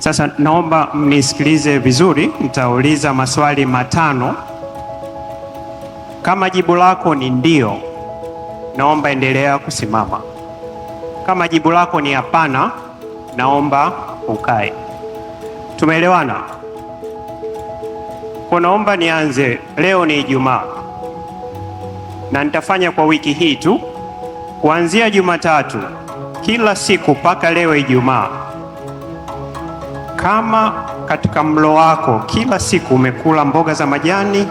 Sasa naomba mnisikilize vizuri, nitauliza maswali matano. Kama jibu lako ni ndio, naomba endelea kusimama. Kama jibu lako ni hapana, naomba ukae. Tumeelewana? Kwa naomba nianze. Leo ni Ijumaa na nitafanya kwa wiki hii tu, kuanzia Jumatatu kila siku mpaka leo Ijumaa kama katika mlo wako kila siku umekula mboga za majani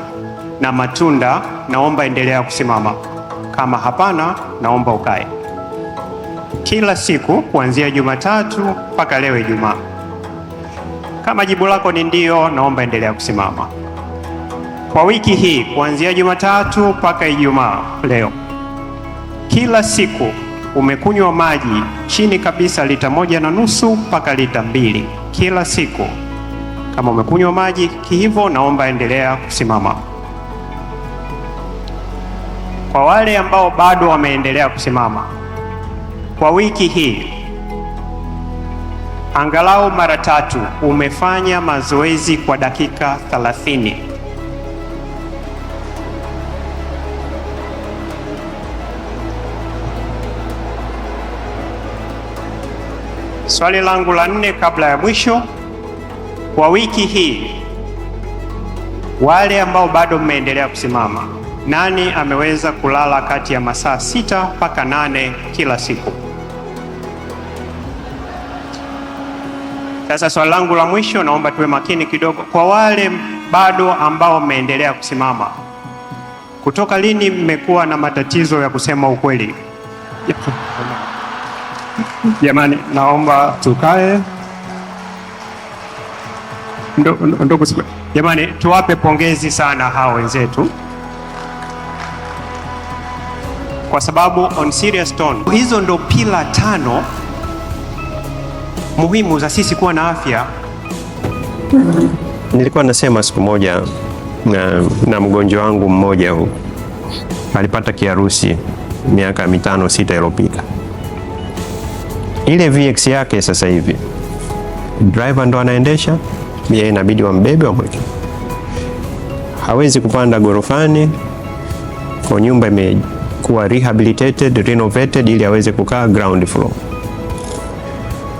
na matunda, naomba endelea kusimama. Kama hapana, naomba ukae. Kila siku kuanzia Jumatatu mpaka leo Ijumaa. Kama jibu lako ni ndio, naomba endelea kusimama. Kwa wiki hii kuanzia Jumatatu mpaka Ijumaa leo, kila siku umekunywa maji chini kabisa lita moja na nusu mpaka lita mbili kila siku. Kama umekunywa maji kihivyo, naomba endelea kusimama. Kwa wale ambao bado wameendelea kusimama, kwa wiki hii angalau mara tatu umefanya mazoezi kwa dakika 30 Swali langu la nne kabla ya mwisho kwa wiki hii, wale ambao bado mmeendelea kusimama, nani ameweza kulala kati ya masaa sita mpaka nane kila siku? Sasa swali langu la mwisho, naomba tuwe makini kidogo. Kwa wale bado ambao mmeendelea kusimama, kutoka lini mmekuwa na matatizo ya kusema ukweli? Jamani, naomba tukae. Ndugu, jamani, tuwape pongezi sana hao wenzetu, kwa sababu on serious tone, hizo ndo pila tano muhimu za sisi kuwa na afya. Nilikuwa nasema siku moja na, na mgonjwa wangu mmoja huu alipata kiharusi miaka mitano sita iliyopita ile VX yake sasa hivi driver ndo anaendesha, yeye inabidi wambebe wamweke. Hawezi kupanda gorofani kwa nyumba imekuwa rehabilitated, renovated ili aweze kukaa ground floor.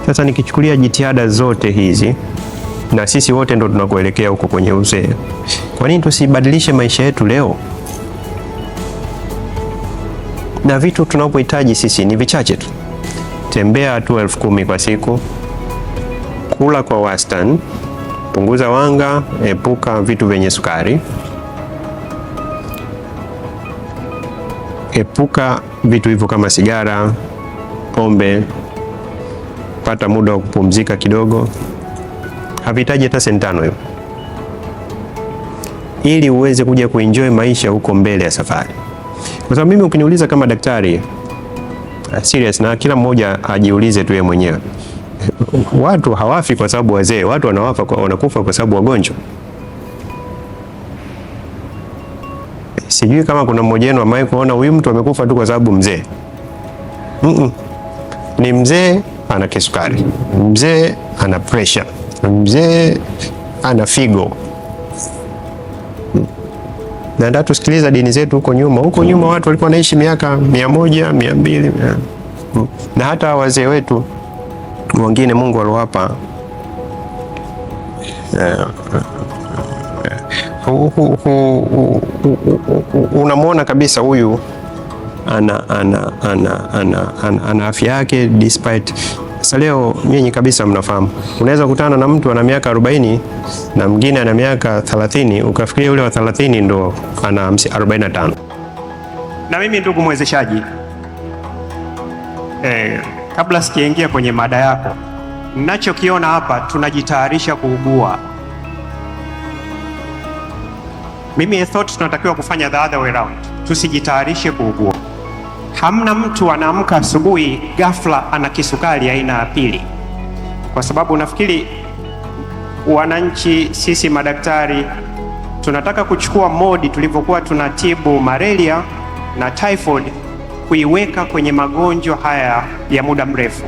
Sasa nikichukulia jitihada zote hizi, na sisi wote ndo tunakuelekea huko kwenye uzee, kwa nini tusibadilishe maisha yetu leo? Na vitu tunapohitaji sisi ni vichache tu tembea hatua elfu kumi kwa siku, kula kwa wastani, punguza wanga, epuka vitu vyenye sukari, epuka vitu hivyo kama sigara, pombe, pata muda wa kupumzika kidogo. Havihitaji hata senti tano hiyo, ili uweze kuja kuenjoy maisha huko mbele ya safari, kwa sababu mimi ukiniuliza kama daktari Eh, serious, na kila mmoja ajiulize tu yeye mwenyewe. Watu hawafi kwa sababu wazee, watu wanawafa kwa, wanakufa kwa sababu wagonjwa. Sijui kama kuna mmoja wenu ambaye kuona huyu mtu amekufa tu kwa sababu mzee. Mm -mm. Ni mzee ana kisukari, mzee ana pressure, mzee ana figo na nataka tusikiliza dini zetu huko nyuma. Huko nyuma watu walikuwa naishi miaka mia moja mia mbili na hata wazee wetu wengine Mungu aliwapa unamwona kabisa huyu ana ana ana ana ana afya yake despite sasa leo nyinyi kabisa mnafahamu, unaweza kutana na mtu ana miaka 40 na mwingine ana miaka 30, ukafikiria yule wa 30 ndo ana 45. Na mimi ndugu mwezeshaji, eh, kabla sijaingia kwenye mada yako, ninachokiona hapa tunajitayarisha kuugua. Mimi I thought tunatakiwa kufanya the other way around, tusijitayarishe kuugua. Hamna mtu anaamka asubuhi ghafla ana kisukari aina ya pili, kwa sababu nafikiri wananchi sisi madaktari tunataka kuchukua modi tulivyokuwa tunatibu malaria na typhoid kuiweka kwenye magonjwa haya ya muda mrefu.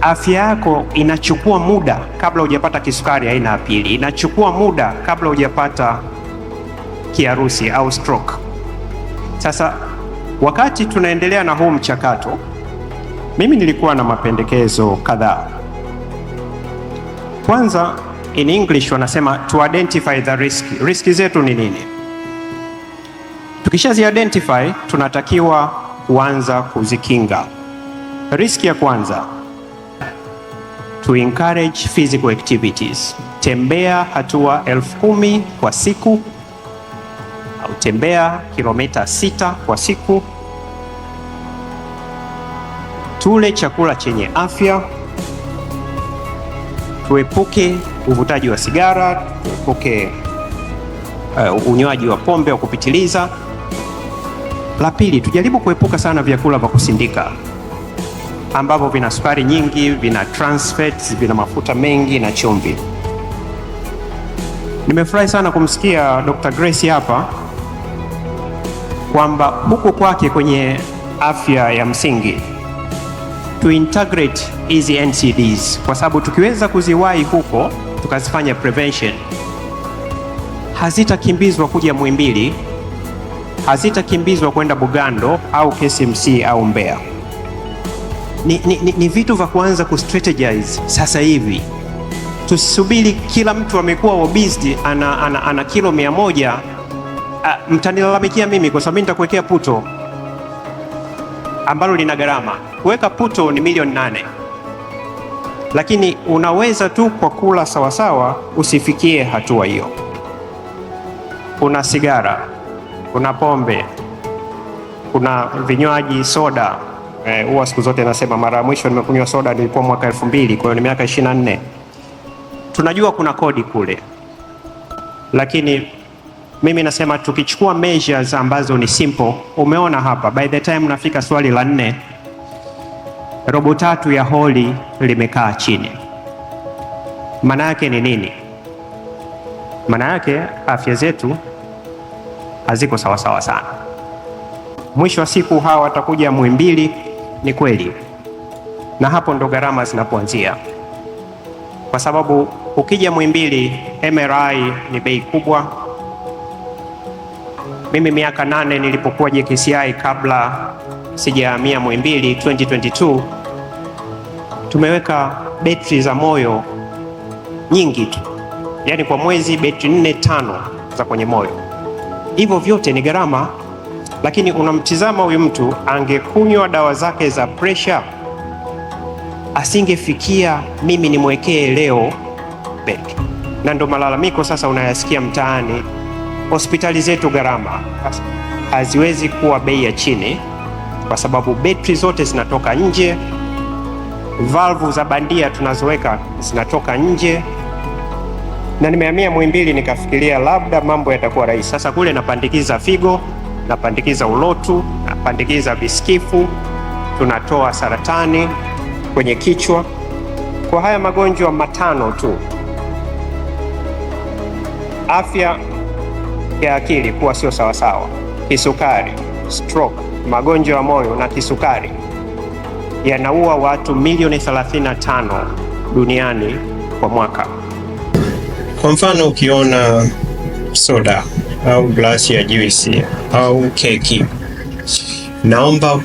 Afya yako inachukua muda kabla hujapata kisukari aina ya pili, inachukua muda kabla hujapata kiharusi au stroke. Sasa wakati tunaendelea na huu mchakato, mimi nilikuwa na mapendekezo kadhaa. Kwanza, in English wanasema to identify the risk. Risk zetu ni nini? Tukishazi identify tunatakiwa kuanza kuzikinga. Riski ya kwanza to encourage physical activities, tembea hatua elfu kumi kwa siku kutembea kilomita sita kwa siku, tule chakula chenye afya, tuepuke uvutaji wa sigara, tuepuke uh, unywaji wa pombe wa kupitiliza. La pili, tujaribu kuepuka sana vyakula vya kusindika ambavyo vina sukari nyingi, vina trans fats, vina mafuta mengi na chumvi. Nimefurahi sana kumsikia Dr. Grace hapa kwamba huko kwake kwenye afya ya msingi to integrate hizi NCDs, kwa sababu tukiweza kuziwahi huko tukazifanya prevention, hazitakimbizwa kuja Muhimbili, hazitakimbizwa kwenda Bugando au KCMC au Mbeya. Ni, ni, ni vitu vya kuanza strategize sasa hivi. Tusisubiri kila mtu amekuwa obese ana, ana, ana kilo mia moja Ah, mtanilalamikia mimi kwa sababu mimi nitakuwekea puto ambalo lina gharama. Kuweka puto ni milioni nane, lakini unaweza tu kwa kula sawasawa usifikie hatua hiyo. Kuna sigara, kuna pombe, kuna vinywaji soda eh, huwa eh, siku zote nasema mara ya mwisho nimekunywa soda nilikuwa mwaka elfu mbili kwa hiyo ni miaka 24. Tunajua kuna kodi kule, lakini mimi nasema tukichukua measures ambazo ni simple, umeona hapa, by the time nafika swali la nne, robo tatu ya holi limekaa chini. Maana yake ni nini? Maana yake afya zetu haziko sawasawa sana. Mwisho wa siku hawa watakuja mwimbili, ni kweli, na hapo ndo gharama zinapoanzia, kwa sababu ukija mwimbili MRI ni bei kubwa mimi miaka nane nilipokuwa JKCI kabla sijahamia Muhimbili 2022 tumeweka betri za moyo nyingi tu, yaani kwa mwezi betri nne tano za kwenye moyo. Hivyo vyote ni gharama, lakini unamtizama huyu mtu, angekunywa dawa zake za presha asingefikia mimi nimwekee leo betri, na ndo malalamiko sasa unayasikia mtaani. Hospitali zetu gharama haziwezi kuwa bei ya chini, kwa sababu betri zote zinatoka nje, valvu za bandia tunazoweka zinatoka nje, na nimehamia Muhimbili nikafikiria labda mambo yatakuwa rahisi. Sasa kule napandikiza figo, napandikiza ulotu, napandikiza visikifu, tunatoa saratani kwenye kichwa. Kwa haya magonjwa matano tu afya ya akili kuwa sio sawasawa, kisukari, stroke, magonjwa ya moyo na kisukari yanaua watu milioni 35 duniani kwa mwaka. Kwa mfano, ukiona soda au glasi ya juisi au keki, naomba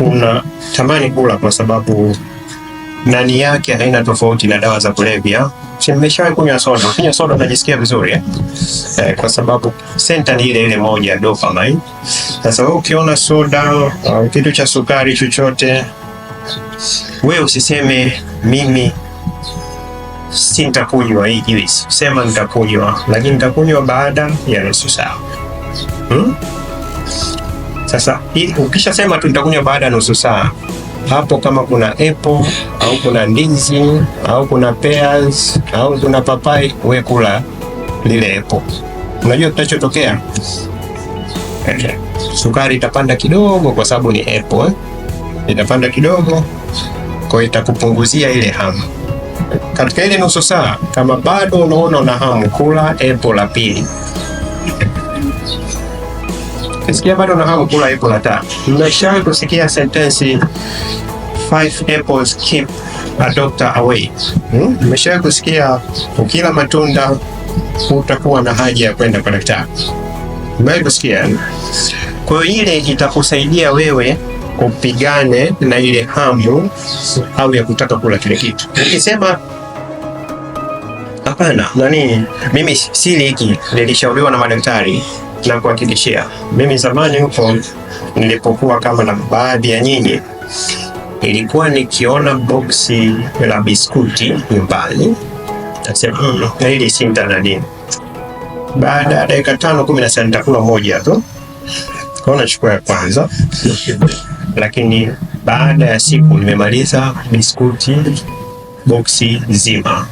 una tamani kula kwa sababu ndani yake haina tofauti na dawa za kulevya. Nimeshawahi kunywa soda. Kunywa soda unajisikia vizuri eh? Eh, kwa sababu senta ni ile ile moja dopamine. Sasa wewe ukiona soda au kitu cha sukari chochote, wewe usiseme mimi sintakunywa hii juice, sema nitakunywa, lakini nitakunywa baada ya nusu saa hmm? Sasa ukishasema tu nitakunywa baada ya nusu saa hapo. Kama kuna apple au kuna ndizi au kuna pears au kuna papai, we kula lile apple. Unajua kitachotokea, sukari itapanda kidogo, kwa sababu ni apple eh? itapanda kidogo, kwa itakupunguzia ile hamu katika ile nusu saa. Kama bado unaona una hamu, kula apple la pili. Kisikia bado na hamu kula apple hata. Mmeshawahi kusikia sentensi five apples keep a doctor away? Mmeshawahi hmm? Kusikia ukila matunda utakuwa na haja ya kwenda kwa daktari. Mmeshawahi kusikia? Kwa hiyo ile itakusaidia wewe kupigane na ile hamu au ya kutaka kula kile kitu. Nikisema hapana, nani mimi sili hiki, nilishauriwa na madaktari na kuhakikishia, mimi zamani huko nilipokuwa kama na baadhi ya nyinyi, ilikuwa nikiona boksi la biskuti nyumbani nasema mm, hili si mtanadini. Baada ya dakika tano kumi na sita nitakula moja tu, kaona chukua ya kwanza lakini baada ya siku nimemaliza biskuti boksi zima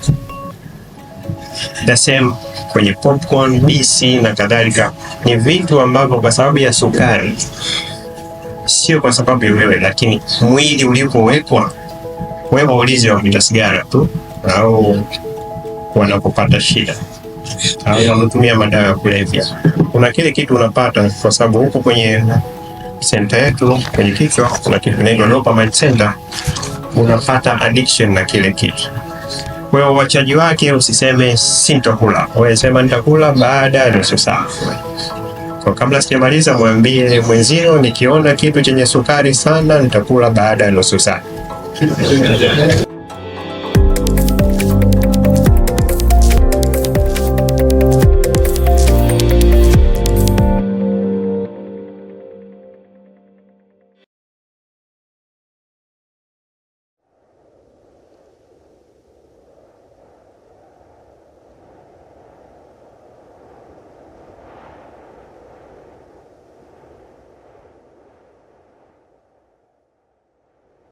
nasema kwenye popcorn, bisi na kadhalika, ni vitu ambavyo kwa sababu ya sukari, sio kwa sababu ya wewe, lakini mwili ulipowekwa wewe, ulizi wavuta sigara tu au wanapopata shida au wanatumia madawa ya kulevya, kuna kile kitu unapata kwa sababu huko kwenye senta yetu kwenye kichwa kuna kitu kinaitwa dopamine center, unapata addiction na kile kitu kwa hiyo wachaji wake usiseme sintokula, wewe sema nitakula baada ya nusu saa. Kwa kabla sijamaliza, mwambie mwenzio, nikiona kitu chenye sukari sana nitakula baada ya nusu saa.